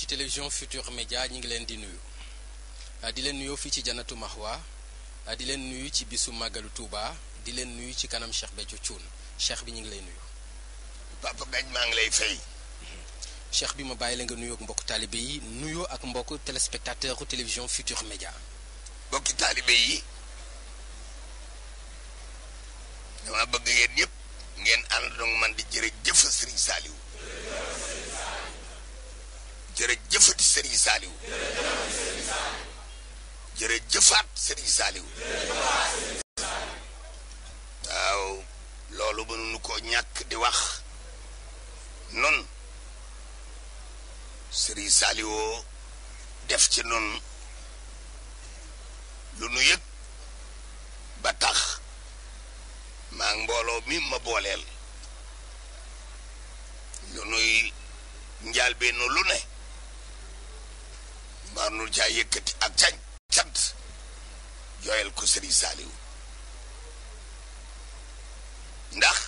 ci télévision Futur Média ñi ngi leen di nuyu ah, di leen nuyoo fii ci Janatu Mahwa ah, di leen nuyu ci bisu màggalu Touba di leen nuyu ci kanam Cheikh Béthio Thioune cheikh bi ñu ngi lay nuyu. Papa Ngagne maa ngi lay fay. cheikh bi ma bàyyi la nga nuyoo ak mbokku taalibe yi nuyoo ak mbokku téléspectateur télévision Futur Média. mbokki taalibe yi sëri Saliou def ci nun lu nu yëg ba tax maa mbooloo mi ma booleel lu nuy njaal bi nu lu ne maa nu caa yëkkati ak cañ cant jooyal ko Serigne Saliou ndax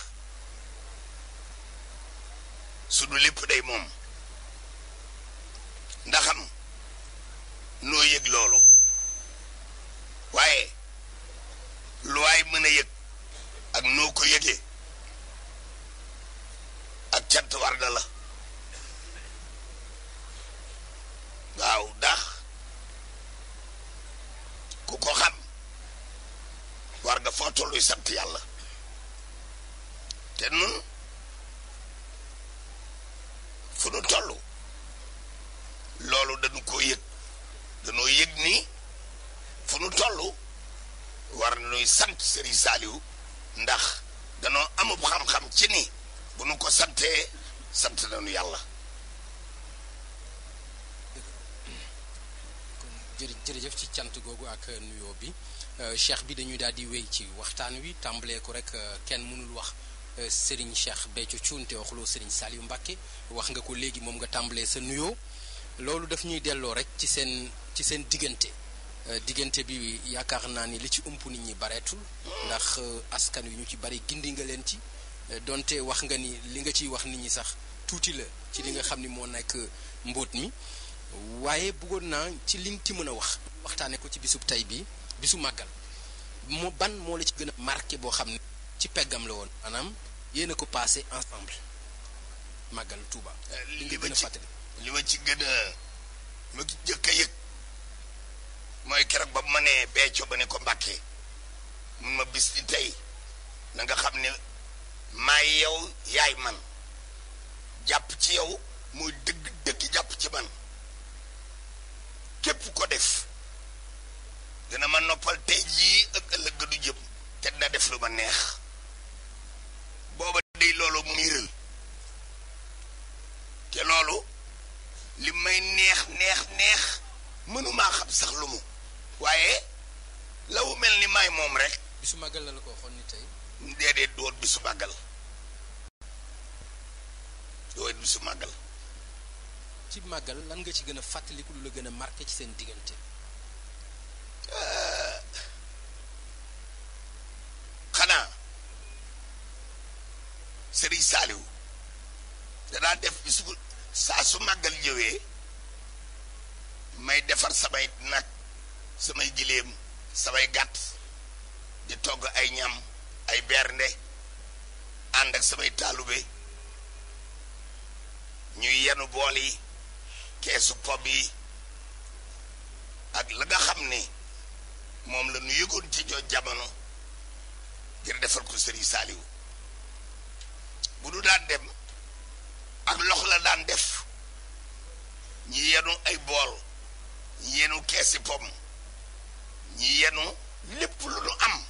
su du lépp day moom ndaxam noo yëg loolu waaye lu waay mën a yëg ak noo ko yëgee ak cant war na la waaw ndax ku ko xam war nga foo tollu sant yàlla te nun Serigne Saliou ndax danoo amub xam-xam ci ni bu nu ko santee sant nañu yàlla. jërëjëf ci cant googu ak nuyoo bi euh, cheikh bi dañuy daal di wéy ci waxtaan wi tàmbalee ko rek euh, kenn mënul wax euh, Serigne Cheikh Béthio Thioune te waxuloo Serigne Saliou Mbacké wax nga ko léegi moom nga tàmbalee sa nuyoo loolu daf ñuy delloo rek ci seen ci seen diggante. Euh, diggante bi yaakaar naa ni li ci ëmp nit ñi bareetul ndax euh, askan wi ñu ci bari gindi nga leen ci euh, donte wax nga ni li nga ciy wax nit ñi sax tuuti la ci li nga xam ni moo nekk mbóot mi waaye bëggoon naa ci li nga ci mën a wax waxtaane ko ci bisub tey bi bisu màggal moo ban moo la ci gën a marqué boo xam ne ci peggam la woon maanaam yéen a ko passé ensemble màggal Touba. li nga gën a fàttali li ci gën a ma njëkk a mooy keroog ba ma nee Béthio ba ne ko Mbàkke mun ma bis di tey na nga xam ne may yow yaay man jàpp ci yow muy dëgg dëgg jàpp ci man képp ko def dina ma noppal tey jii ak ëllëg du jëm te dina def lu ma neex booba day loolu mu niiral te loolu lim may neex neex neex mënumaa xam sax lu mu waaye law mel ni may moom rek. su màggal la la ko waxoon ni tey. déedéet doot bisu màggal doot bisu màggal. ci màggal lan nga ci gën a fàttaliku la gën a marqué ci seen diggante. Eh, xanaa Serigne Saliou danaa def bisu saa su màggal ñëwee may defar samay nag. samay giléem samay gàtt di togg ay ñam ay bernde ànd ak samay taalube ñuy yenu bool yi keesu pob yi ak la nga xam ni moom la nu yëgoon ci joo jamono ngir defal ko sëriñ Saaliwu bu du daan dem ak lox la daan def ñi yenu ay bool ñi yenu keesi pom ñi yenu lépp lu nu am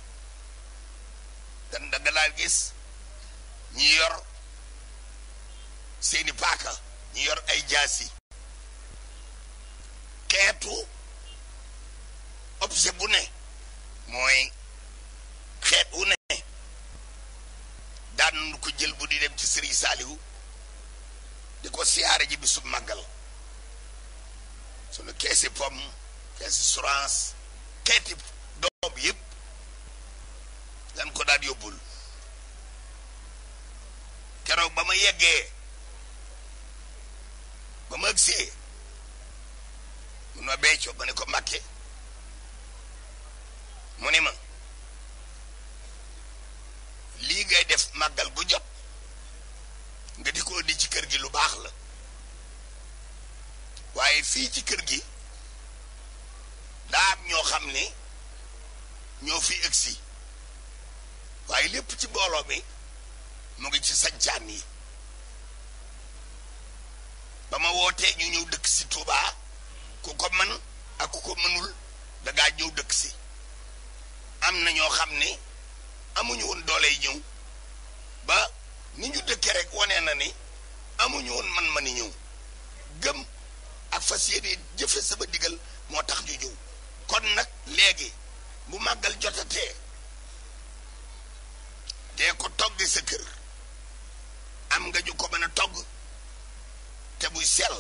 dan da laa gis ñi yor seeni paaka ñi yor ay jaasi xeetu objet bu ne mooy xeet wu ne daan nu ko jël bu di dem ci Sëriñ Saaliwu di ko siyaare ji bi su màggal sunu keesi pomme keesi surance xeeti doom yëpp lan ko daan yóbbul keroog ba ma yeggee ba ma agsee mun ma becco ma ne ko màkke mu ni ma lii ngay def màggal gu jot nga di ko indi ci kër gi lu baax la waaye fii ci kër gi daa am ñoo xam ne ñoo fi egsi waaye lépp ci mbooloo bi mu ngi ci sancaan yi ba ma wootee ñu ñëw dëkk si Touba ku ko mën ak ku ko mënul dangaa ñëw dëkk si am na ñoo xam ne amuñu woon doole ñëw ba ni ñu dëkkee rek wane na ni amuñu woon man-mani ñëw gëm ak fas yéene jëfe sama diggal moo tax ñu ñëw kon nag léegi bu màggal jotatee dee ko toggi sa kër am nga ñu ko mën a togg te muy sell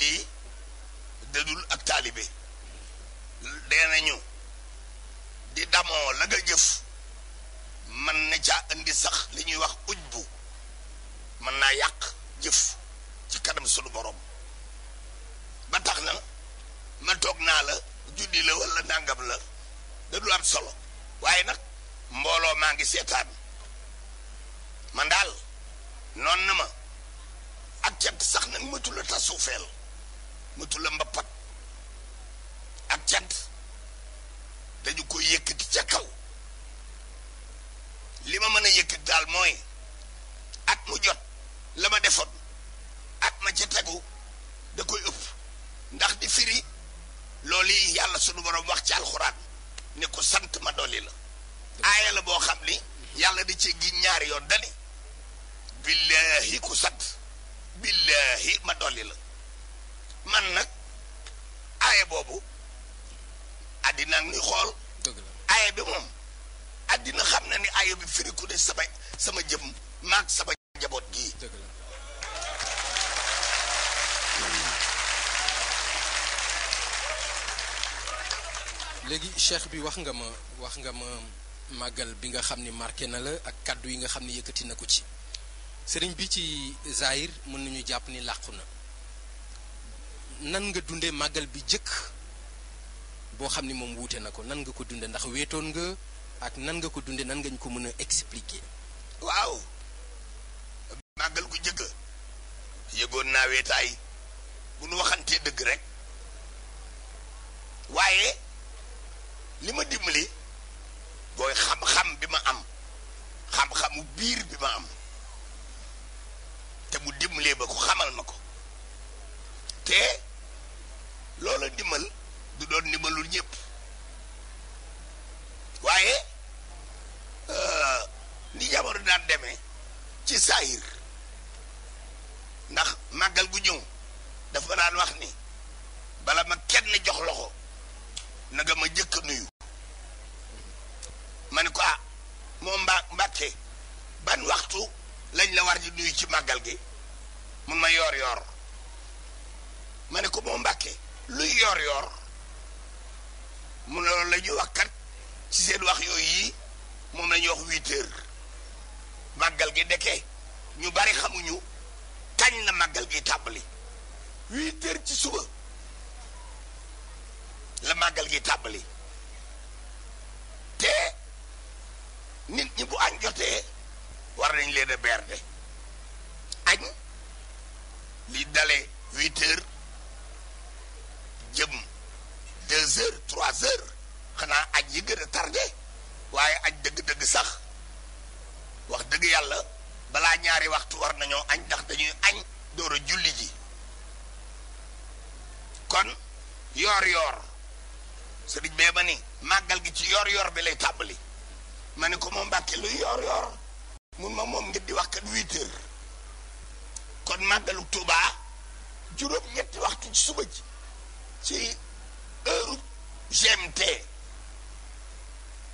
lii dëdul ak taalibe dee nañu di damoo la nga jëf mën na caa indi sax li ñuy wax uj bu mën naa yàq jëf ci kanam sunu borom batax na ma toog naa la juddi la wala nàngam la da du am solo waaye nag mbooloo maa ngi seetaan man daal noon na ma ak cet sax nag matul a tasuufeel mu tulla mbappat ak cant dañu ko yëkkati ca kaw li ma mën a yëkkati daal mooy ak mu jot la ma defoon ak ma ca tegu da koy ëpp ndax di firi loolu yi yàlla sunu borom wax ci alxuraan ne ko sant ma dolli la aaya la boo xam ni yàlla di ci gi ñaar yoon dani billaahi ku sant billaahi ma dolli la man nag aaye boobu addinaa ngi xool aaye bi moom àddina xam na ni aaye bi firiku de sama sama jëm maag sama njaboot gi léegi cheikh bi wax nga ma wax nga ma màggal bi nga xam ni marqué na la ak kàddu yi nga xam ne yëkkati na ko ci sëriñ bi ci Zahir mën nañu jàpp ni làqu na nan nga dunde màggal bi jëkk boo xam ni moom wuute na ko nan nga ko dunde ndax wéetoon nga ak nan nga ko dunde nan nga ñu ko mën a expliquer waaw màggal gu jëkk yëgoon naa weetaay bu nu waxantee dëgg rek waaye li ma dimbali booy xam-xam bi ma am xam-xamu biir bi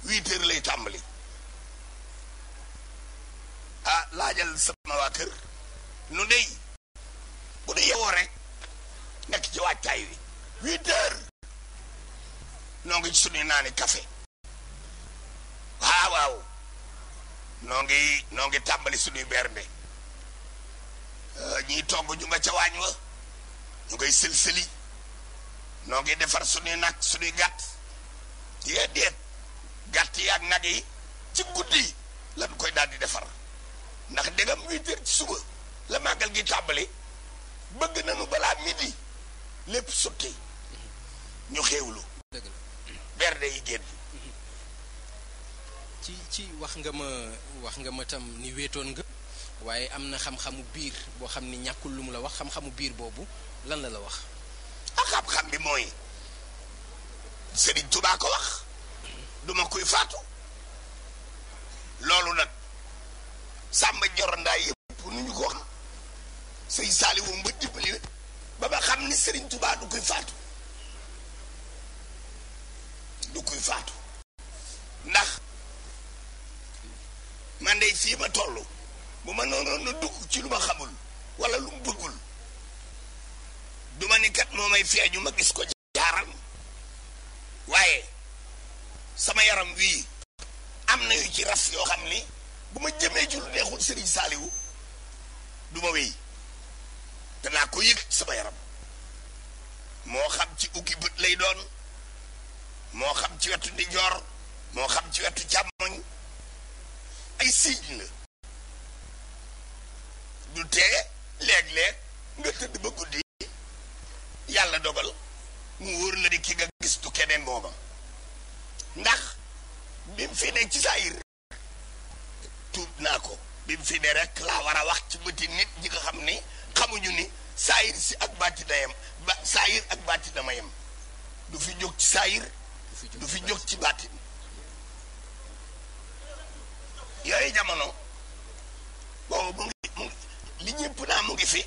huit lay tàmbali ah laajal sama waa kër nu dey bu nu yewoo rek nekk ci waajtaay wi huit noo ngi suñu naani kafe waaw waaw noo ngi noo ngi tàmbali suñuy bernde ah, ñiy togg ñu nga ca waañ wa ñu ngay sël noo ngi defar suñuy nag suñuy gàtt déet déet gàtt yi ak nag yi ci guddi lan koy daal di defar ndax dégam huit heures suba la màggal gi tàmbali bëgg na nañu balaa midi lépp sotti ñu xéewlu berde yi génn ci ci wax nga ma wax nga ma tam ni wetoon nga waaye am na xam-xamu biir boo xam ne ñàkkul lu mu la wax xam-xamu biir boobu lan la la wax ah xam-xam bi mooy Sëriñ Tuubaa ko wax duma kuy faatu loolu nag sàmba jorondaay yëpp nu ñu ko xam sëy saaliwu mba dimbali ba ba xam ne Sëriñ Tuubaa du kuy faatu du kuy faatu ndax man de fii ma toll bu ma noonoon na dugg ci lu ma xamul wala lu mu duma du ma ni kat moo ma gis ko jaaral waaye sama yaram wii am na yu ci raf yoo xam ni bu ma jëmee ci lu neexul Serigne Saliou du ma wéy danaa ko yëg sama yaram moo xam ci ukki bët lay doon moo xam ci wetu ndijoor moo xam ci wetu càmmoñ ay signe la du tee léeg-léeg nga tëdd ba guddi yàlla dogal mu wóor la di ki nga gis du keneen booba ndax bi mu fi ne ci saayir tuub naa ko bi mu fi ne rek laa war a wax ci bëti nit ñi nga xam ni xamuñu ni saayir si ak bàtti na yem ba saayir ak bàtti dama yem du fi jóg ci saayir du fi jóg ci bàttin yooyu jamono boobu mu ngi mu ngi li ñëpp naa mu ngi fi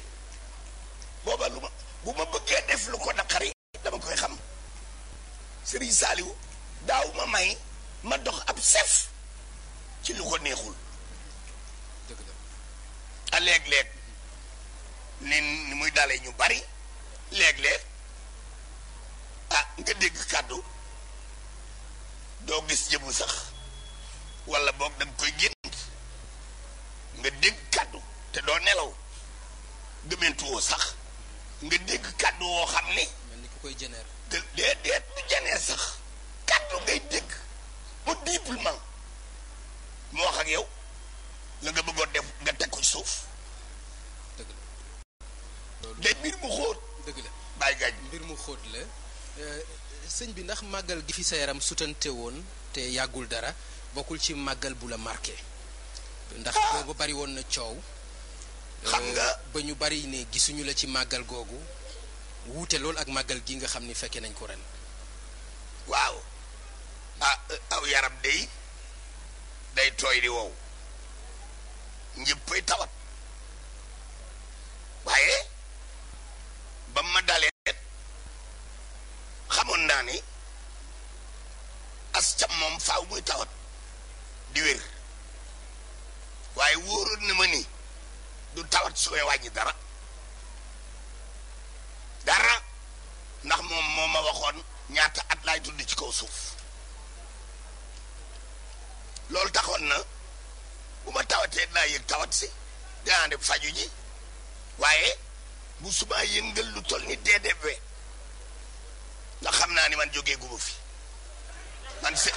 booba lu ma bu ma bëggee def lu ko naqari dama koy xam Serigne Saliou daaw ma may ma dox ab sef ci lu ko neexul a ah, léeg ni muy dale ñu bari léeg-léeg ah nga dégg kàddu doo gis jëbu sax walla boog da nga koy gént nga dégg kàddu te doo nelaw gëmëntuwoo sax nga dégg kàddu woo xam mel ni ku koy jëneer. déet déet sax. kaddu ngay dégg audiblement mu wax ak yow la nga bëggoon def nga teg ko suuf. dëgg mbir mu xóot. la bàyyi euh, sëñ bi ndax màggal gi fi sa yaram sutante woon te yàggul dara bokkul ci màggal bu la marqué. ndax ah! boobu bari woon na coow. xam euh, nga ba ñu bari ne gisuñu la ci màggal googu wuute lool ak màggal gi nga xam ni fekkee nañ ko ren. waaw aw yaram day day tooy di wow ñëppay tawat waaye ba ma dalee xamoon naa ni as cam moom faaw muy tawat di waaye wóoroon na ma ni du tawat su may wàññi dara dara ndax moom moo ma waxoon ñaata at laay tudd ci kaw suuf loolu taxoon na bu ma tawatee dinaa yëg tawat si dinaa dem faju ji waaye bu subaa yëngal lu toll ni DDP ndax xam naa ni man jóge guma fi man se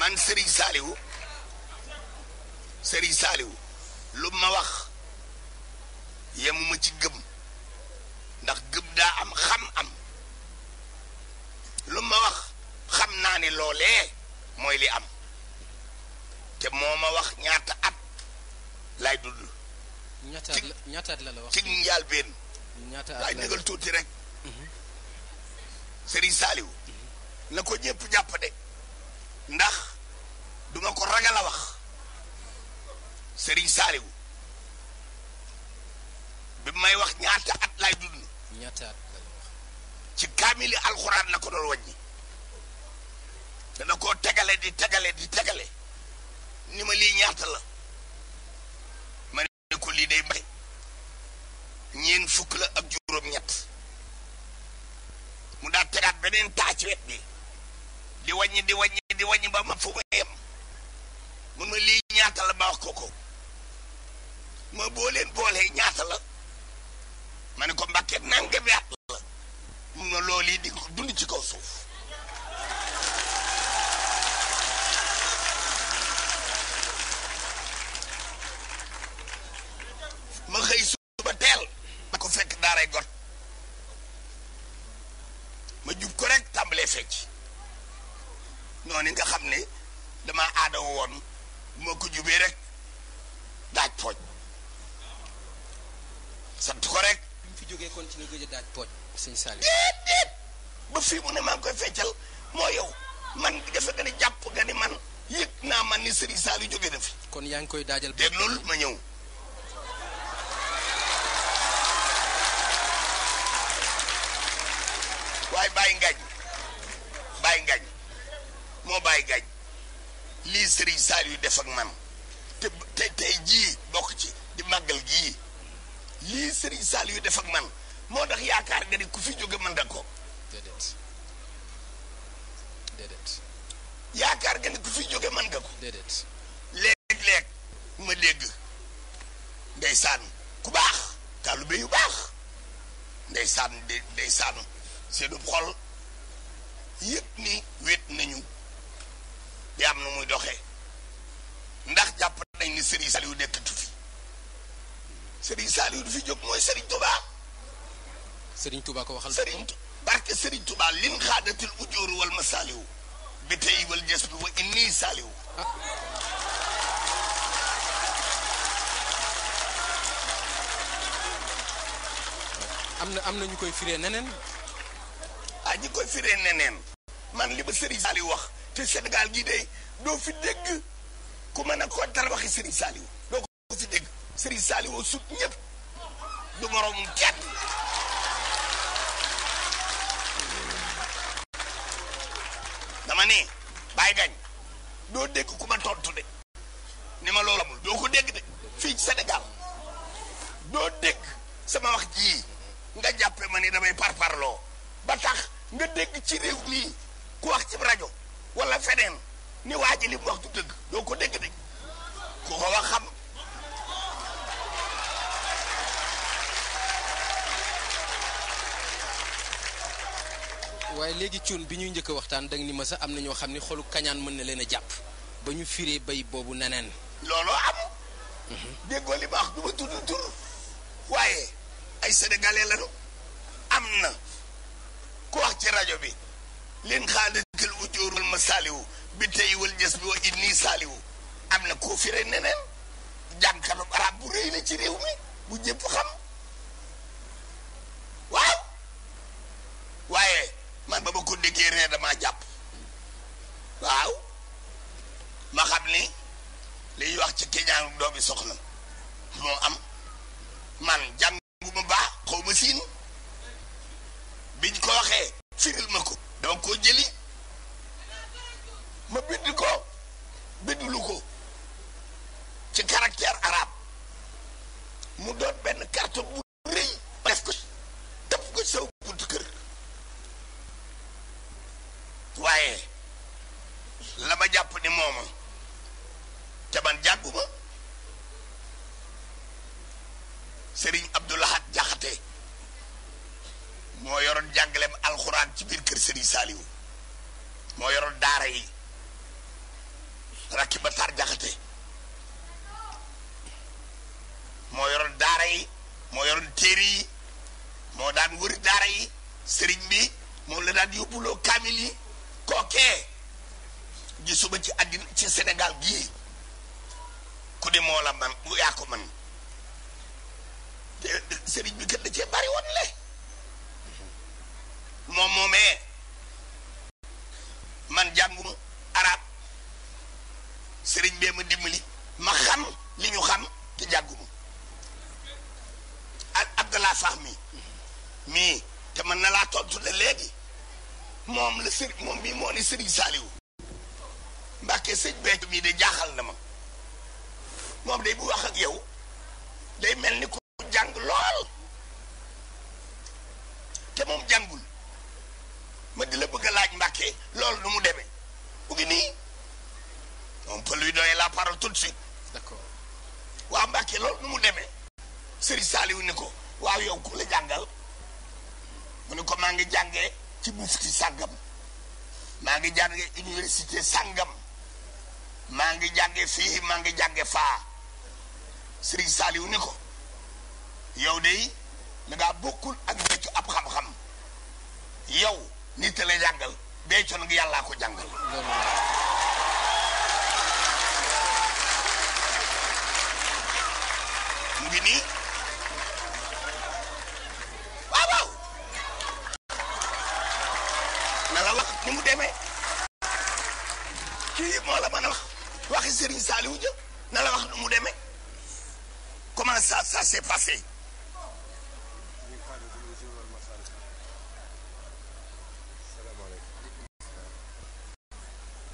man Serigne Saliou Serigne Saliou lu ma wax yemuma ci gëm ndax gëm daa am xam am lu ma wax xam naa ni loolee mooy li am te moo ma wax ñaata at lay dund. ñaata la wax ci njaal benn. ñaata at tuuti rek. Mhm. Serigne Saliou. na ko ñëpp jàpp de ndax duma ko ragal a wax Serigne Saliou bi may wax ñaata at laay dund. ci kaamili alxuraan la ko doon waññi dana koo tegale di tegale di tegale ni ma lii ñaata la ma ne ko lii day mbay ñeen fukk la ak juróom-ñett mu daa tegaat beneen taa ci wet bi di wàññi di wàññi di wàññi ba ma fu ma yem mun ma lii ñaata la ma wax ko ko ma boo leen boolee ñaata la ma ne ko mbàkkee nangami at la mun na loolu yi di ko dund ci kaw suuf sëñ Saliou ba fii mu ne maa ngi koy feccal moo yow man defe nga ni jàpp nga ni man yëg naa man ni sëriñ Saliou jóge na fi. kon yaa ngi koy daajal. dégg loolu ma ñëw. waaye bàyyi ngañ bàyyi ngañ moo bàyyi ngañ lii sëriñ Saliou def ak man. ni Serigne Saliou nekkatu fi Serigne Saliou du fi jóg mooy Serigne Touba. Serigne Touba ko waxal. Serigne barke Serigne Touba lim xaadatil ujooru wal ma Saliou bi tey wal jës bi wa inni Saliou. am na am na ñu koy firee neneen. ah ñi koy firee neneen. man li ba Serigne Saliou wax te Sénégal gii de doo fi dégg. ku mën a kontar waxi Serigne Saliou doo ko fi dégg Serigne Saliou sut ñëpp du moroom kenn dama ne bàyyi gañ doo dégg ku ma tontu de ni ma loolu amul doo ko dégg de fii ci Sénégal doo dégg sama wax jii nga jàppe ma ni damay parloo ba tax nga dégg ci réew mii ku wax ci rajo walla feneen ni waa ji li dëgg loo ko dégg de ku ko wax xam waaye léegi cuun bi ñuy njëkk a waxtaan danga ni ma am na ñoo xam ne xolu kañaan mën na leen a jàpp ba ñu firee bay boobu neneen looloo am déggoo li ma ma tudd tur waaye ay sénégalais lañu am na ku wax ci rajo bi leen xaa dëkkal ujjóorul ma saaliwu bi tey wal jës bi wa inni saaliwu am na koo firee neneen jànkatu arab bu rëy la ci réew mi bu ñëpp xam waaw waaye man ba ma ko déggee ree damaa jàpp waaw ma xam ni li wax ci keñaanu doomi soxna moo am man jànguma baax xaw ma siin biñ ko waxee firil ma ko dama koo jëli moom bii moo ni sëriñ Saaliw Mbàkke sëñ Béthio mii de jaaxal na ma moom day bu wax ak yow day mel ni ku jàng lool te moom jàngul ma di la bëgg a laaj Mbàkke lool nu mu deme mu ngi nii on peut lui donner la parole tout de waa Mbàkke loolu nu mu demee sëriñ Saaliw ni ko waa yow ku la jàngal mu ne ko maa ngi jàngee ci mufti sàngam maa ngi jànge université sangam maa ngi jànge fii maa ngi jànge faa Serigne Saliou ni ko yow de da ngaa bokkul ak béccu ab xam-xam yow nit la jàngal béccu nag yàllaa ko jàngal ngi nii passé.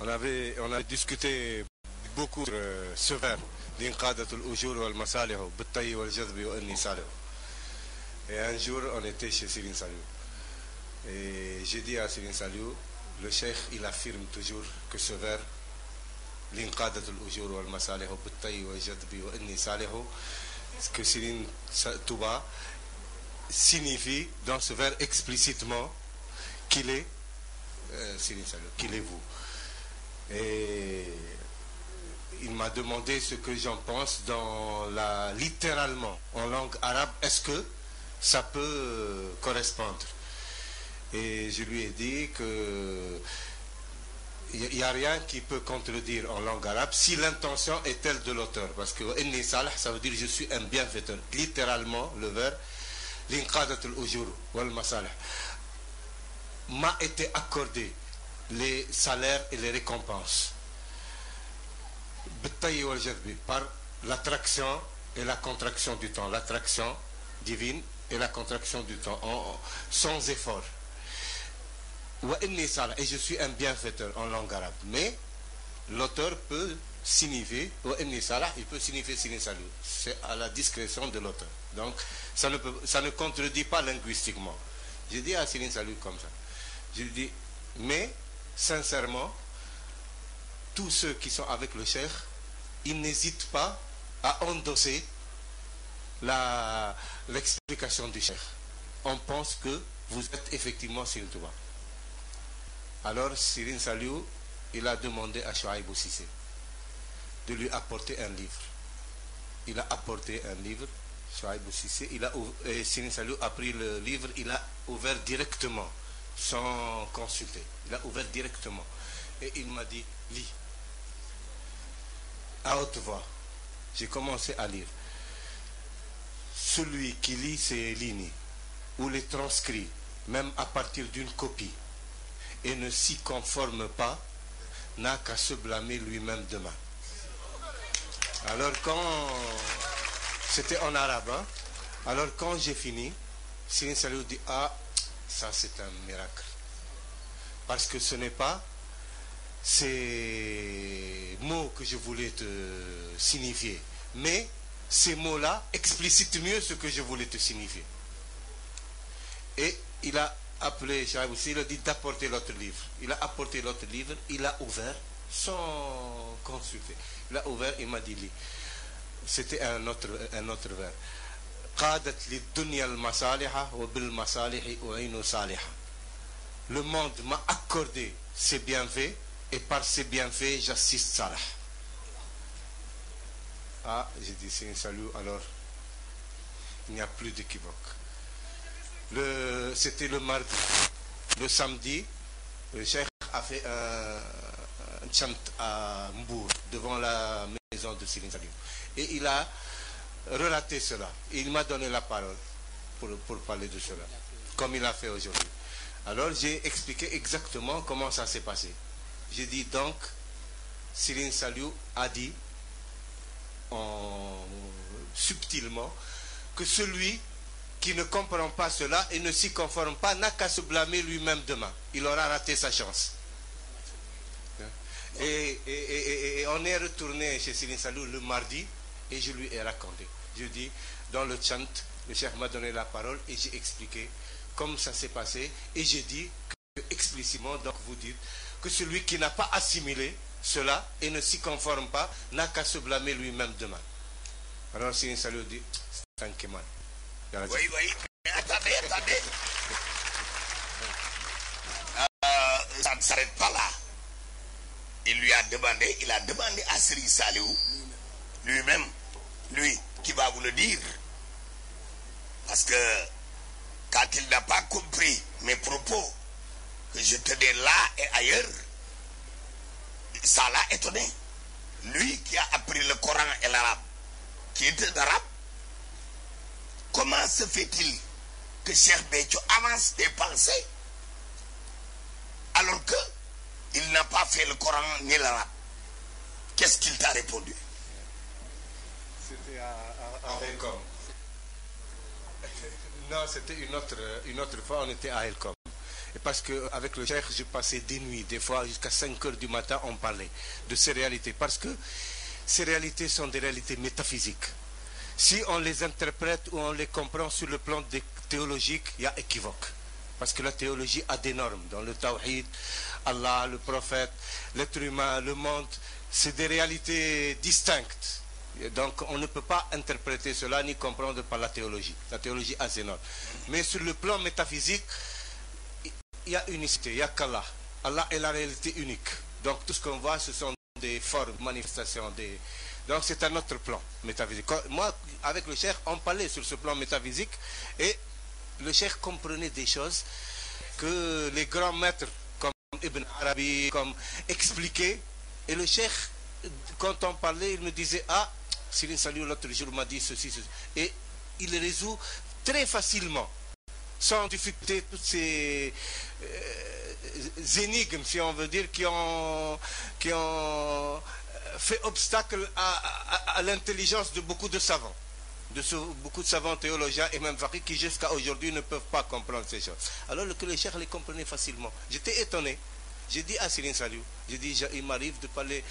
On avait, on a discuté beaucoup sur euh, ce verbe l'inqadatul ujur wal masalih bit-tayy wal jazb wa an-nisalih. Et un jour, on était chez Serigne Saliou. Et j'ai dit à Serigne Saliou, le cheikh, il affirme toujours que ce verbe l'inqadatul ujur wal masalih bit-tayy wal jazb wa an-nisalih que Serigne Touba signifie dans ce vers explicitement qu'il est euh, Serigne Saliou, qu'il est vous. Et il m'a demandé ce que j'en pense dans la littéralement en langue arabe, est-ce que ça peut euh, correspondre? Et je lui ai dit que il n'y a rien qui peut contredire en langue arabe si l'intention est telle de l'auteur parce que inni salih ça veut dire je suis un bienfaiteur littéralement le vers l'inqadatul ujur wal masalih m'a été accordé les salaires et les récompenses bitayi wal jadbi par l'attraction et la contraction du temps l'attraction divine et la contraction du temps en, en, sans effort wa inni salah et je suis un bienfaiteur en langue arabe mais l'auteur peut signifier wa inni salah il peut signifier sini salut c'est à la discrétion de l'auteur donc ça ne peut ça ne contredit pas linguistiquement je dis à ah, sini salut comme ça je dis mais sincèrement tous ceux qui sont avec le cheikh ils n'hésitent pas à endosser la l'explication du cheikh on pense que vous êtes effectivement sur le Alors Sirine Saliou, il a demandé à Chouaïbou Cissé de lui apporter un livre. Il a apporté un livre, Chouaïbou Cissé, il a pris le livre, il a ouvert directement, sans consulter. Il a ouvert directement. Et il m'a dit, lis. À haute voix. J'ai commencé à lire. Celui qui lit ces lignes ou les transcrit, même à partir d'une copie, et ne s'y conforme pas n'a qu'à se blâmer lui-même demain. Alors quand c'était en arabe, hein? Alors quand j'ai fini, Cyril Saliou dit ah ça c'est un miracle. Parce que ce n'est pas ces mots que je voulais te signifier, mais ces mots-là explicitent mieux ce que je voulais te signifier. Et il a appelé Chahibou Sylla dit d'apporter l'autre livre il a apporté l'autre livre il a ouvert sans consulter il a ouvert il m'a dit lii c'était un autre un autre vers qaadat li dunya al wa bil masalihi u'inu saliha le monde m'a accordé ses bienfaits et par ses bienfaits j'assiste Salah ah j'ai alors il n'y a plus d'équivoque le c'était le mardi le samedi Cheikh a fait un, euh, euh, un chant à Mbour devant la maison de Serigne Saliou et il a relaté cela et il m'a donné la parole pour pour parler de cela comme il a fait aujourd'hui alors j'ai expliqué exactement comment ça s'est passé j'ai dit donc Serigne Saliou a dit subtilement que celui qui ne comprend pas cela et ne s'y conforme pas n'a qu'à se blâmer lui-même demain. Il aura raté sa chance. Et, on est retourné chez Céline Salou le mardi et je lui ai raconté. Je dis, dans le chant, le chef m'a donné la parole et j'ai expliqué comme ça s'est passé et j'ai dit que, explicitement, donc vous dites que celui qui n'a pas assimilé cela et ne s'y conforme pas n'a qu'à se blâmer lui demain. Alors Céline Salou dit, oui oui attendez attendez pas là il lui a demandé il a demandé à Serigne Saliou lui-même lui qui va vous le dire parce que quand il n'a pas compris mes propos que je tenais là et ailleurs ça l'a étonné lui qui a appris le Coran et l'arabe qui était arabe comment se fait-il que Cheikh Béthio avance des pensées alors que il n'a pas fait le Coran ni l'arabe qu'est-ce qu'il t'a répondu c'était à, à, à Helcom non une autre fois on était à Helcom parce que avec le Cheikh je passais des nuits des fois jusqu'à 5 heures du matin on parlait de ces réalités parce que ces réalités sont des réalités métaphysiques si on les interprète ou on les comprend sur le plan théologique il y a équivoque parce que la théologie a des normes dans le tawhid Allah le prophète l'être humain le monde c'est des réalités distinctes et donc on ne peut pas interpréter cela ni comprendre par la théologie la théologie a ses normes mais sur le plan métaphysique il y a unicité il y a qu'Allah Allah est la réalité unique donc tout ce qu'on voit ce sont des formes manifestations des Donc c'est un autre plan métaphysique. Moi, avec le cher, on parlait sur ce plan métaphysique et le cher comprenait des choses que les grands maîtres comme Ibn Arabi, comme expliquaient. Et le cher, quand on parlait, il me disait, ah, Cyril Saliou l'autre jour m'a dit ceci, Et il résout très facilement, sans difficulté, toutes ces euh, énigmes, si on veut dire, qui ont, qui ont fait obstacle à, à, à l'intelligence de beaucoup de savants, de ce, beaucoup de savants théologiens et même varis qui jusqu'à aujourd'hui ne peuvent pas comprendre ces choses. Alors que les chers les comprenaient facilement. J'étais étonné. J'ai dit à Céline Saliou, j'ai dit, il m'arrive de parler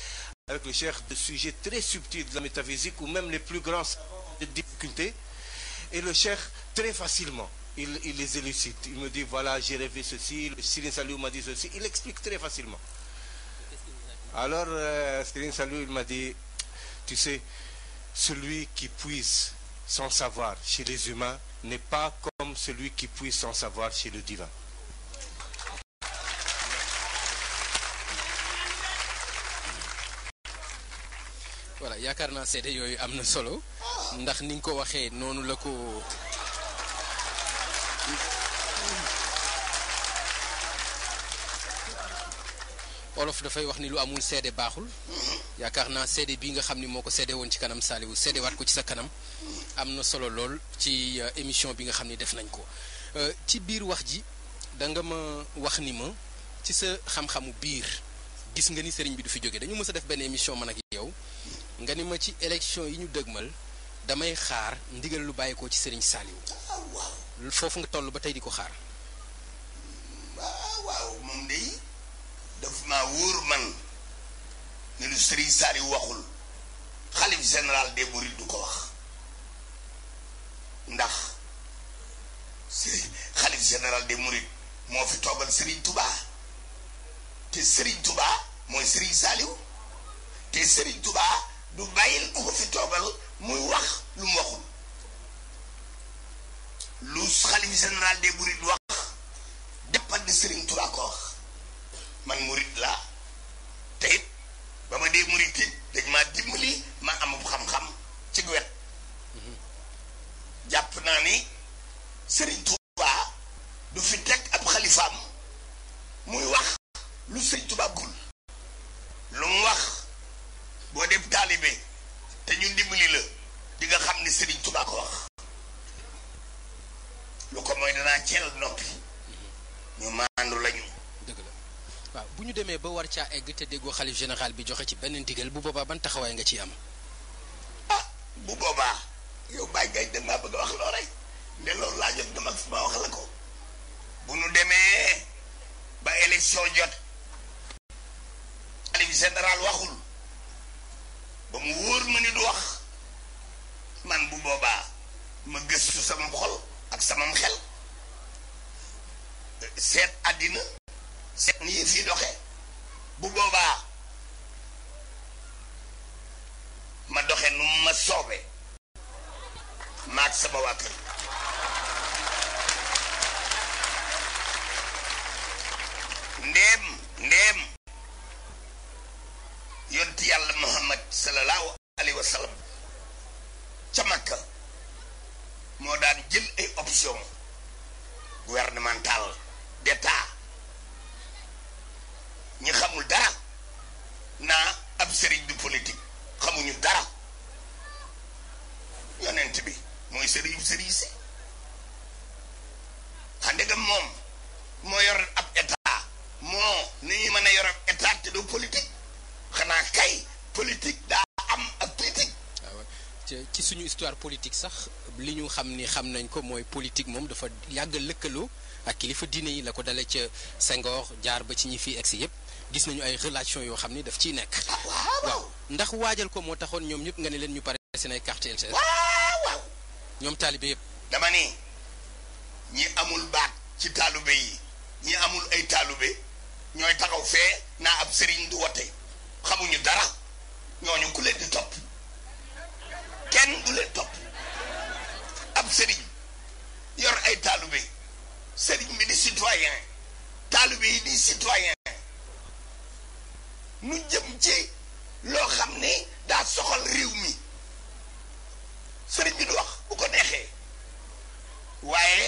avec le cher de sujets très subtils de la métaphysique ou même les plus grands savants Et le cher, très facilement, il, il les élucide. Il me dit, voilà, j'ai rêvé ceci, Céline Alors, euh, Stéphane Salou, il m'a dit, tu sais, celui qui puise son savoir chez les humains n'est pas comme celui qui puise son savoir chez le divin. yaakaar naa seede yooyu am na solo ndax ni nga ko waxee noonu la ko olof dafay wax ni lu amul seede baaxul yaakaar naa seede bii nga xam ni moo ko seede woon ci kanam Saliou seede waat ko ci sa kanam am na solo lool ci euh, émission bi nga xam ni def nañ ko euh, ci biir wax ji da nga ma wax ni ma ci sa xam-xamu biir gis nga ni sëriñ bi du fi jóge dañu mës a def benn émission man ak yow nga ni ma ci élection yi ñu dëgmal damay xaar ndigal lu bàyyi ko ci sëriñ Saliou ah, foofu nga toll ba tey di ko xaar ah, waaw moom daf maa wóor man ne lu Serigne Saliou waxul xalif général des Mourides du ko wax ndax xalif général des Mourides moo fi toogal Serigne Touba te Serigne Touba mooy Serigne Saliou te Serigne Touba du bàyyil du ko fi toogal muy wax lu waxul lu xalif général des Mourides wax départ de Serigne Touba ko wax. man murit laa te it ba ma dee murit it dañ maa dimbali ma amub xam-xam ci wet mhm. jàpp naa ni Serigne Touba ca caa egg te déggoo xalif général bi joxe ci benn ndigal bu boobaa ban taxawaay nga ci am commission gouvernementale d'État ñi xamul dara naa ab sëriñ du politique xamuñu dara yonent bi mooy sëriñ sëriñ si xandegam moom moo yor ab état moo ni ñu mën a yor ab état xanaa kay politique daa am ab politique. Ah ci suñu histoire politique sax. li ñu xam ni xam nañ ko mooy politique moom dafa yàgg lëkkaloo ak kilifa diine yi la ko dale ca Senghor jaar ba ci ñi fi egsi yëpp gis nañu ay relation yoo xam ni daf ciy nekk. Ah, waaw ndax waajal ko moo taxoon ñoom ñëpp nga ne leen ñu pare seen ay carte LCS. waaw ñoom taalibe yëpp. dama ni ñi amul baat ci taalibe yi ñi amul ay taalibe ñooy taxaw fee naa am sëriñ du wote xamuñu dara ñooñu ku leen topp kenn du leen topp. ab sëriñ yor ay taalibe sëriñ bi di citoyen taalibe yi di citoyen nu jëm ci loo xam ne daa soxal réew mi sëriñ bi du wax bu ko neexee waaye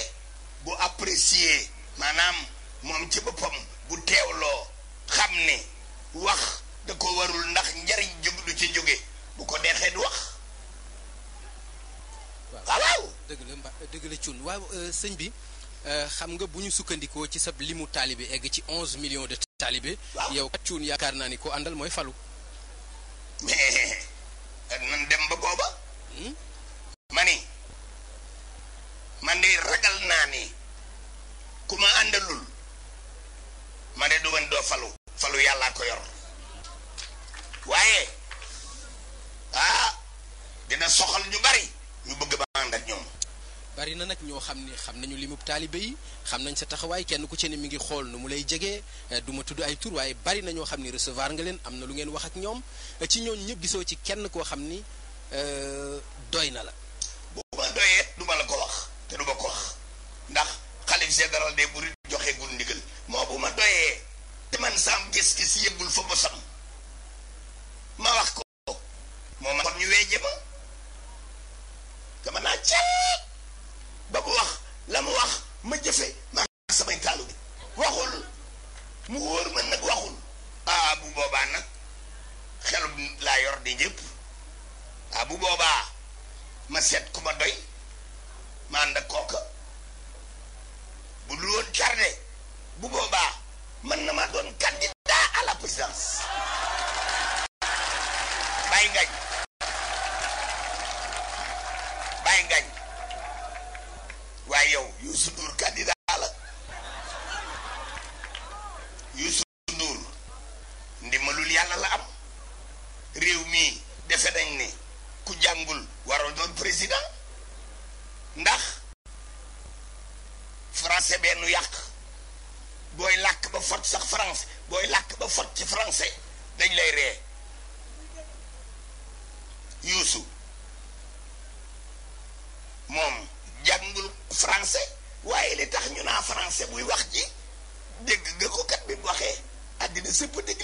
bu apprécier maanaam moom ci boppam bu teew loo xam ne wax da ko warul ndax njariñ jóg du ci jóge bu ko neexee du wax waaw dëgg la mba dëgg la Thioune waaw euh, sëñ bi euh, xam nga bu ñu sukkandikoo ci sab limu taalibe egg ci onze millions de taalibe yow kat Thioune yaakaar naa ni ko àndal mooy falu na nag ñoo xam ni xam nañu limub taalibe yi xam nañ sa taxawaay kenn ku ci ne mi ngi xool nu mu lay jegee eh, du ma tudd ay tur waaye bari na ñoo xam ni recevoir nga leen am na lu ngeen wax ak ñoom eh, ci ñooñu ñëpp gisoo ci kenn koo xam ni eh, doy na la. bu ma doyee du ma la ko wax te du ma ko wax ndax xalif général de mourides joxe gul ndigal moo bu ma doyee te man sam gis-gis yëggul fa bosam commencé wax ji dégg nga ko kat bi mu waxee àddina sëpp dégg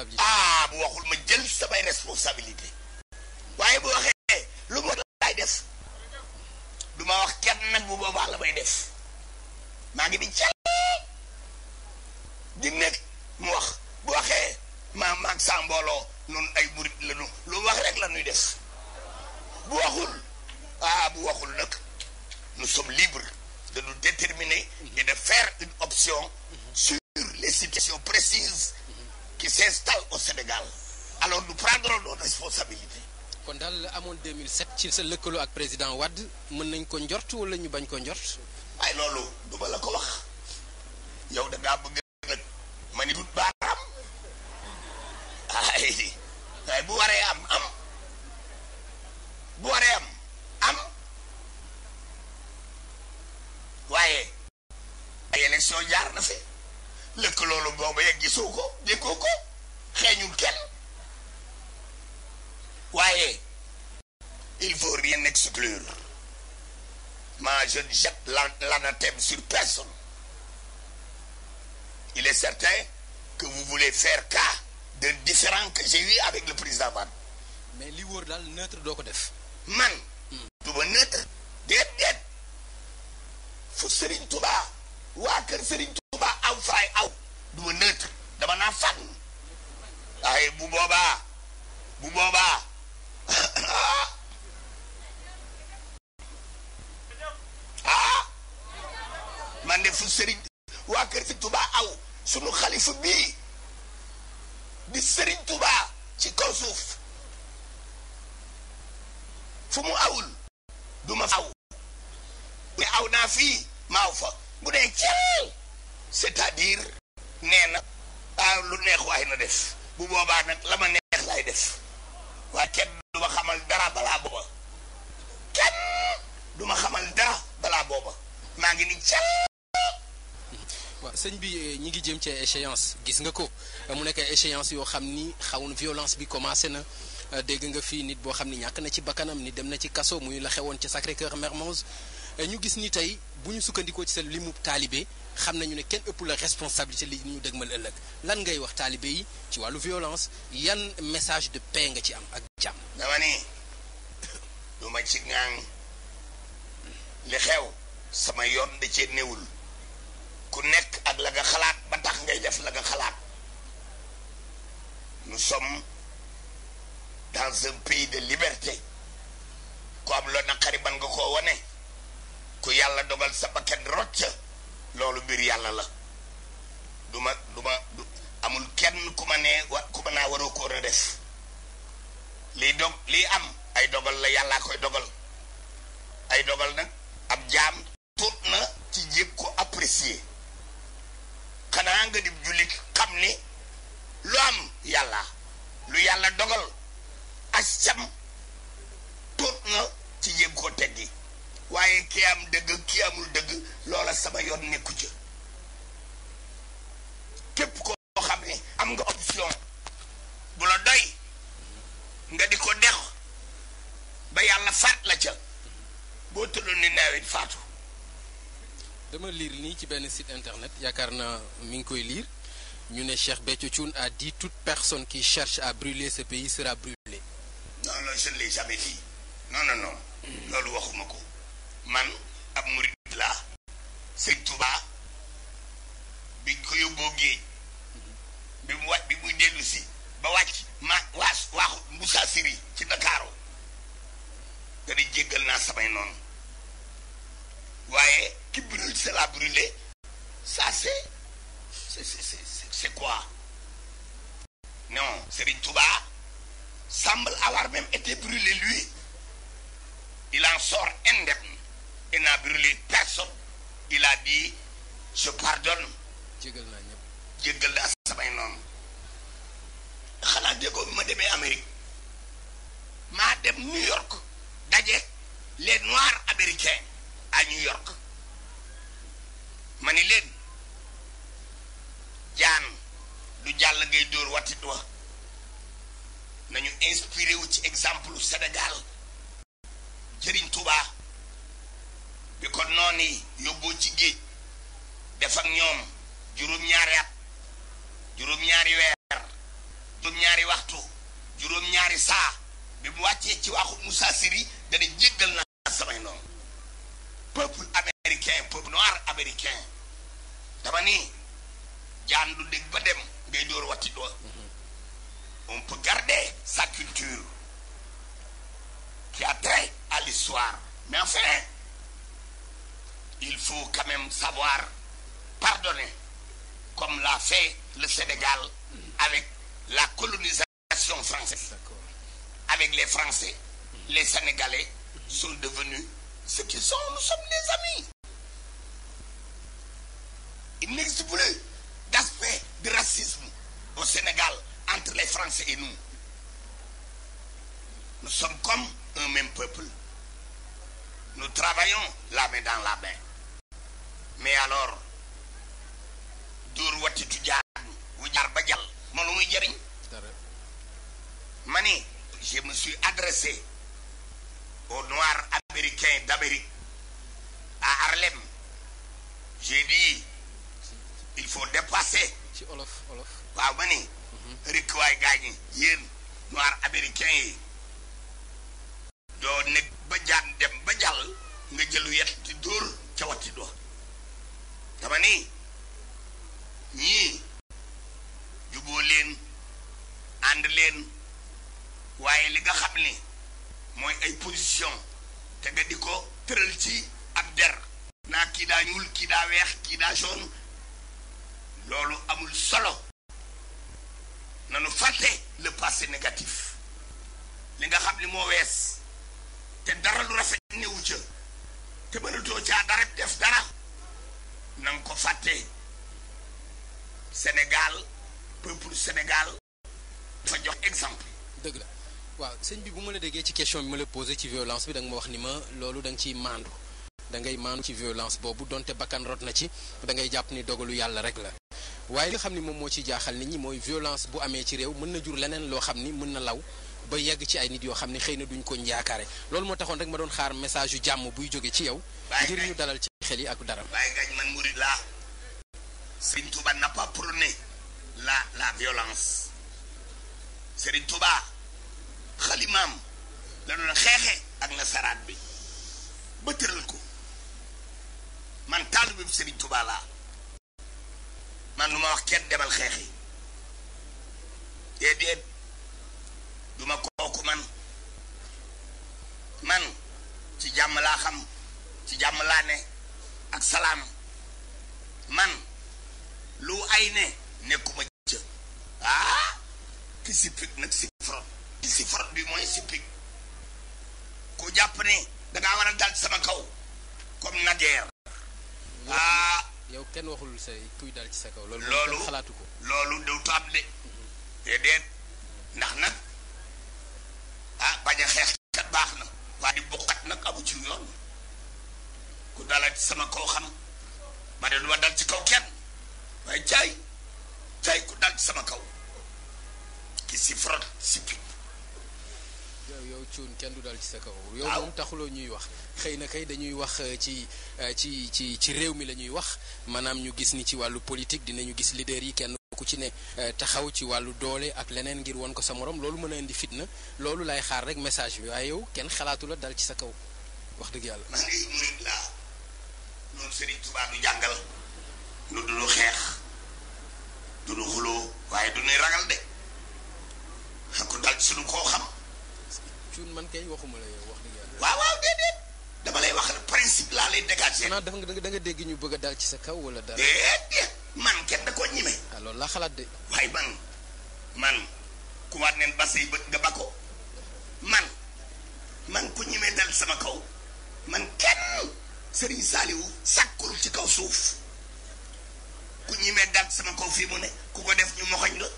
responsabilité ah bu waxul ma jël samay responsabilité waaye bu waxee lu ma laay def du ma wax kenn nag bu boobaa la may def maa ngi di jàll di nekk mu wax bu waxee maa maag saa mbooloo noonu ay murit la lu wax rek la ñuy def bu waxul ah bu waxul nag nous sommes libres de nous déterminer et de faire une option sur les situations précises qui s'installe au Sénégal alors nous prendrons nos responsabilités. kon daal amoon 2007 ci sa lëkkaloo ak président wadd mën nañ ko njort wala ñu bañ ko njort. waaye loolu du ma la ko wax yow da ngaa bëgg nag ma ni dut baaraam ay waaye bu waree am am. je ne jette l'anathème sur personne. Il est certain que vous voulez faire cas d'un différent que j'ai eu avec le président Wade. mais li wóor daal neutre doo ko def. man. Touba hmm. neutre. déet déet fu Serigne Touba waa kër Serigne Touba aw faay aw du ma neutre dama naa fànn. waaye bu boobaa bu boobaa. Ah, ne fu Serigne waa kër si Touba aw sunu xalifa bii di Serigne Touba ci kaw suuf fu mu awul du ma aw naa fii maaw fa bu dee cel c'est-à-dire nee na ah lu neex ay na def bu boobaa nag la ma neex lay def waaye kenn du xamal dara balaa booba kenn du xamal dara balaa booba maa ngi ni cel waaw sëñ bi eh, ñi ngi jëm ci échéance gis nga ko eh, mu nekk échéance yoo xam ni xaw na violence bi commencé na eh, dégg nga fii nit boo xam ni ñàkk na ci bakkanam ni dem na ci kaso muy la xewoon ca Sacré Cœur Mermoz ñu gis ni tey bu ñu sukkandikoo ci seen limu taalibe xam nañu ne kenn ëpp la responsabilité li ñu dëgmal ëllëg lan ngay wax taalibe yi ci wàllu violence yan message de paix nga ci am ak jàmm. dama ni lu ma ci ngaan li xew sama yoon da cee newul. ku nekk ak la nga xalaat ba tax ngay def la nga xalaat nous somm dans un pays de liberté ku am loo naqari ban nga koo wane ku yàlla dogal sa bakkan rocc loolu mbir yàlla la du ma du ma amul kenn ku ma ne wa ku ma naa waroo ko a def lii dog lii am ay dogal la yàllaa koy dogal ay dogal na ab jaam tuut na ci jéeg ko apprécier xanaa nga di jullit xam ni lu am yàlla lu yàlla dogal asam tuut na ci jéem ko teggi waaye kii am dëgg ki amul dëgg loola sama yoon nekku ca képp koo xam ne am nga option bu la doy nga di ko dex ba yàlla faat la ca boo tëddoon ni nawet faatu dama lire nii ci benn site internet yaakaar naa mi ngi koy lire ñu ne Cheikh Béthio Thioune a di tout personne qui cherche à brûler ce pays sera brûlée. non non je ne l'ai jamais dit non loolu waxuma ko man ab murid laa sëñ Touba biñ ko yóbboo géej exemple Sénégal Français, les Sénégalais sont devenus ce qu'ils sont. Nous sommes des amis. Il n'existe plus racisme au Sénégal entre les Français et nous. Nous sommes comme un même peuple. Nous travaillons la main dans la main. Mais alors, dóor watti jaar ba jàll ma lu muy jëriñ ma ni je me suis adressé aux Noirs d'Amérique, à Harlem. J'ai dit, il faut dépasser. ci olof olof. waaw ma ni. Mhm. rek waay gaañ yi yéen Noirs yi. doo nekk ba jaan dem ba jàll nga jëlu yet di ca watti doo dama ni ñii juboo leen ànd leen. waaye li nga xam ni mooy ay position te nga di ko tëral ci ab der naa kii daa ñuul kii daa weex kii daa jaune loolu amul solo nanu fàtte le passé négatif li nga xam ni moo wees te dara lu rafet newu ca te mënatoo caa dara def dara na ko fàtte senegal peuple Sénégal dafa jox exemple dëgg la waaw sëñ bi bu ma la déggee ci question bi ma la posé ci violence bi da nga ma wax ni ma loolu da nga ciy maandu da maandu ci violence boobu donte bakkan rot na ci dangay jàpp ni dogalu yàlla rek la waaye li xam ni moom moo ci jaaxal nit ñi mooy violence bu amee ci réew mën na jur leneen loo xam ni mën na law ba yegg ci ay nit yoo xam ne xëy na duñ ko yaakaare loolu moo taxoon rek ma doon xaar message yu jàmm buy jóge ci yow. ngir ñu dalal ci xel yi ak dara. Baye Gagne man murid laa. Serigne Touba n'a pas prôné la xalimaam la doon xeexe ak nasaraat bi ba tëral ko man taalibe bi Serigne Touba laa man lu ma wax kenn demal xeexi déedéet du ma kooku man man ci jàmm laa xam ci jàmm laa ne ak salaam man lu ay ne nekkuma ca ah ki si pit nag si frot di si for du mooy si ku jàpp ne dangaa war a dal sama kaw comme Nader. ah yow kenn waxul sa kuy dal ci sa kaw. loolu loolu xalaatu ko loolu du taab de. Mm-hmm. déedéet ndax nag ah bañ a xeex kat baax na. waa di bokkat nag amu ci yoon ku dalal sama kaw xam ma ne du dal ci kaw kenn waaye jaay jaay ku dal ci sama kaw ki si frot si pig yow Thioune kenn du dal ci sa kaw. yow moom taxuloo ñuy wax xëy na kay dañuy wax euh, ci euh, ci ci ci réew mi la ñuy wax maanaam ñu gis ni ci wàllu politique dinañu gis leader yi kenn ku ci ne euh, taxaw ci wàllu doole ak leneen ngir won ko sa moroom loolu mën a indi fitna loolu lay xaar rek message bi waaye yow kenn xalaatu la dal ci sa kaw wax dëgg yàlla. man de du jàngal lu du xeex xuloo waaye du ñuy ragal de xam dal ci suñu koo xam. cuun man kay waxuma la wax dëgg yàlla. waaw waaw déedéet dama lay wax principe laa lay dégager. non dafa da nga dégg ñu bëgg a dal ci sa kaw wala dara. déedéet man kenn da koo ñime. alors laa xalaat de. waaye man man ku waat neen ba sey ba nga ba ko man man ku ñime dal sama kaw man kenn Serigne Saliou sàkkul ci kaw suuf ku ñime dal sama kaw fii mu ne ku ko def ñu moxoñ la.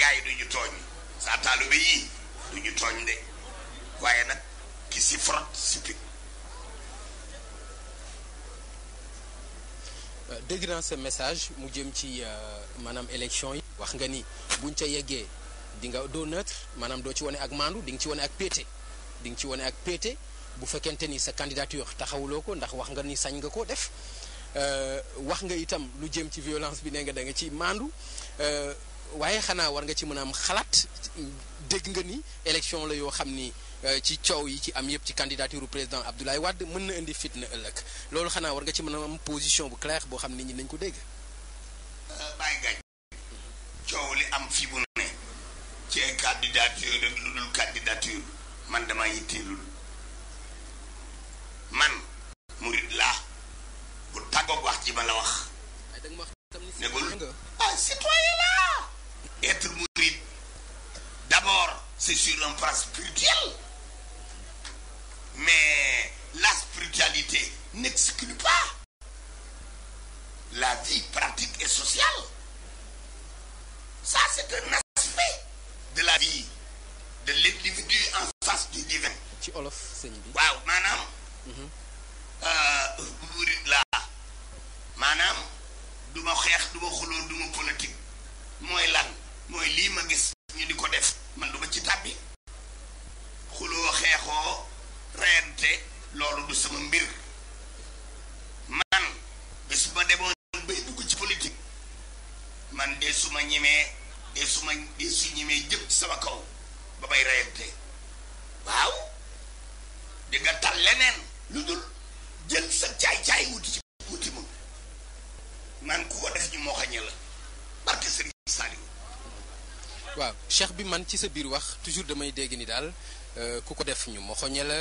gars yi duñu tooñ saa taalube yii duñu tooñ de waaye nag ki si frot si pig euh, dégg sa message mu jëm ci euh, maanaam élection yi wax nga ni buñ ca yeggee dinga nga doo neutre maanaam doo ci wane ak maandu di nga ci wane ak pété di nga ci wane ak péete bu fekkente ni sa candidature taxawuloo ko ndax wax nga ni sañ nga ko def euh, wax nga itam lu jëm ci violence bi nee nga da nga ci maandu waaye xanaa war nga ci mën a am xalaat dégg nga ni élection la yoo xam ni euh, ci coow yi ci am yëpp ci candidature président Abdoulaye Wade mën na indi fitna ëllëg loolu xanaa war nga ci mën a am position bu claire boo xam nit ñi nañ ko dégg. Euh, coow li am fi mu ne ci ay candidature rek lu dul candidature man damaa yitteelul man murid laa bu tàggoog wax ji ma la ne ko ah citoyen laa être mouride, d'abord, c'est sur un plan spirituel. Mais la spiritualité n'exclut pas la vie pratique et sociale. Ça, c'est un man ci sa biir wax toujours damay dégg ni daal euh, ku ko def ñu ma xoñe la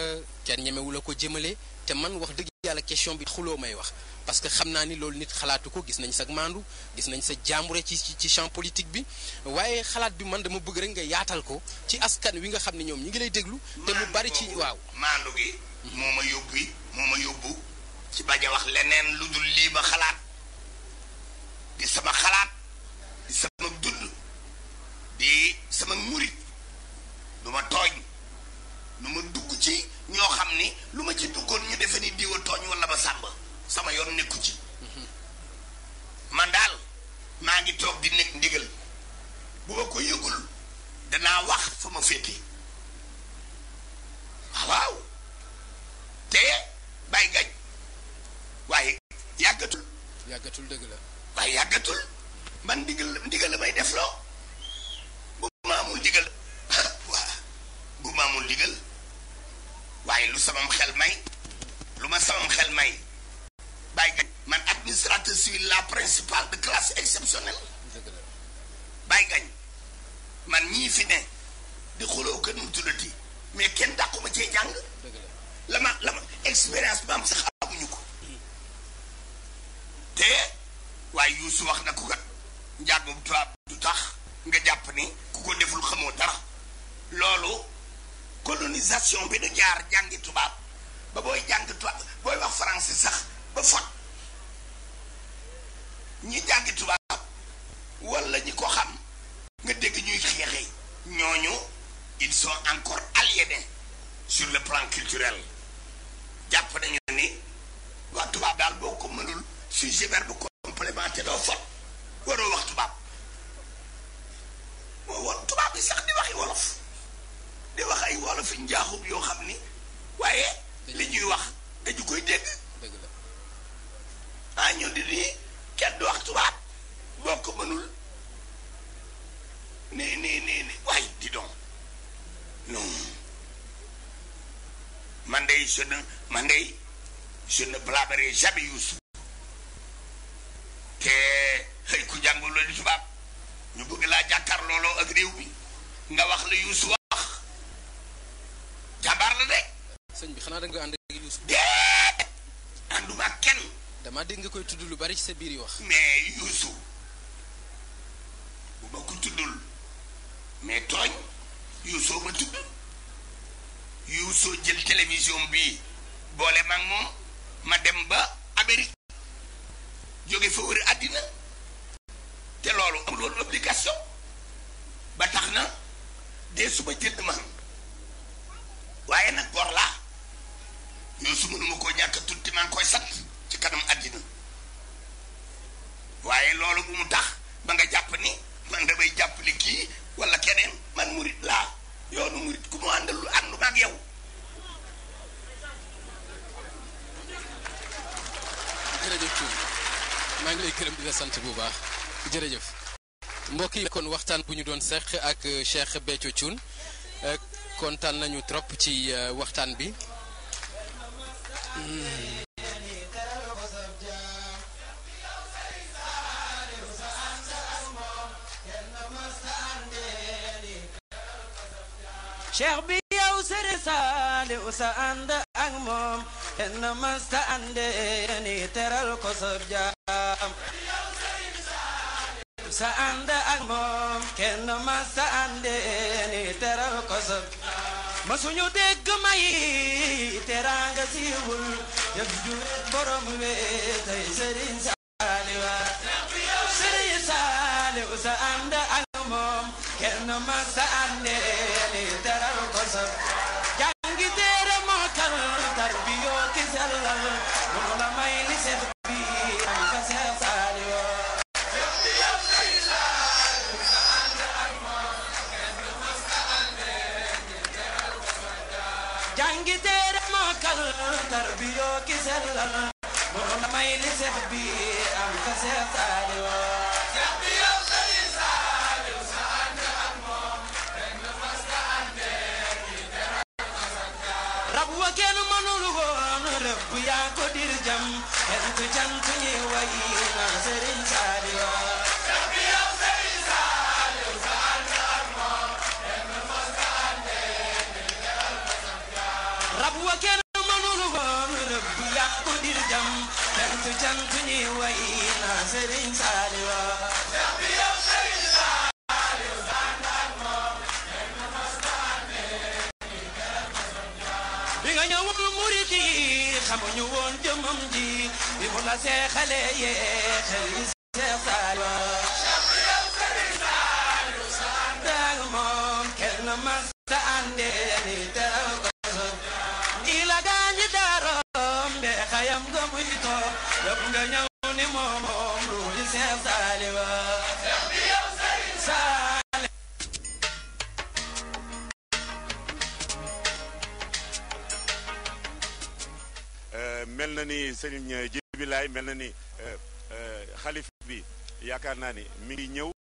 kenn ñemewu la ko jëmale te man wax dëgg yàlla question bi xuloo may wax parce que xam naa ni loolu nit xalaatu ko gis nañ sa maandu gis nañ sa jàmbure ci ci champ politique bi waaye xalaat bi man dama bëgg rek nga yaatal ko ci askan wi nga xam ne ñoom ñu ngi lay déglu te mu bari ci waaw maandu gi moo ma yóbbu moo ma yóbbu ci bañ a wax leneen lu dul lii ma xalaat di sama xalaat féete ah, waaw te bay gañ waaye yàggatul yàggatul dëgg waaye yàggatul man ndigal ndigal la may def loo bu maamul ndigal waaye lu samam xel may lu ma samam xel may bay gañ man administrateur civil la principale de classe exceptionnelle bay gañ man ñii fi ne di xuloo kër mu tuddati mais kenn dàquma cee jàng la ma la ma expérience ba am sax amuñu ko te waaye Youssou wax na je ne man dey je ne blâmerai jamais Youssou te xëy ku jàngul loolu tubaab ñu bëgg laa jàkkaar looloo ak réew bi nga wax la Youssou wax jàmbaar de. sëñ bi xanaa da nga ànd ak Youssou. déet ànduma kenn. damaa dégg nga koy tudd lu bari ci sa biir yu wax. mais Youssou bu tuddul mais tooñ Youssou ma tudd. yu soo jël télévision bi boole maag moom ma dem ba Amérique jóge fa wër te loolu amul woon obligation ba tax na dee suba jënd ma waaye nag bor laa yooyu su mënuma koo ñàkk tuuti maa ngi koy sant ci kanam àddina waaye loolu bu mu tax ba nga jàpp ni man damay jàppale kii wala keneen man murit laa yoonu murit ku lu àndu ak yow jërëjëf Thioune ngi lay gërëm sant bu baax jërëjëf mbokk yi kon waxtaan bu ñu doon seq ak euh, Cheikh Béthio Thioune euh, kontaan nañu trop ci euh, waxtaan bi hmm. cheikh bi yow sëriñ Saaliw sa ànd ak moom kenn mësta ànde ni teral ko jaam sa ànd ak moom kenn mësta ànde ni teral ko ma suñu dégg mayi teraanga borom we tey sëriñ Saaliw sëriñ kenn masa àndeeli teral ko sab jàngi téere mokkal tarbiyoo ki la may li set am ka seet saalio jàngi téere mokkal tarbiyoo ki la may li set yanzu cant ne wai na sarin sarewa rabuwa kenan manulu ba rabu ya kudir jam yanzu cant ne wai na sarin sarewa xamuñu woon jëmam ji bi mu la seexale yee xel mi seex saalo daag moom kenn mas ta ande ni taw ko gaañi daaroom be xayam ga muy toog yëpp nga moom moom seex saali wa mel na ni sëriñ ji bilaay mel na ni euh, euh, xalifa bi yaakaar naa ni mi ngi ñëw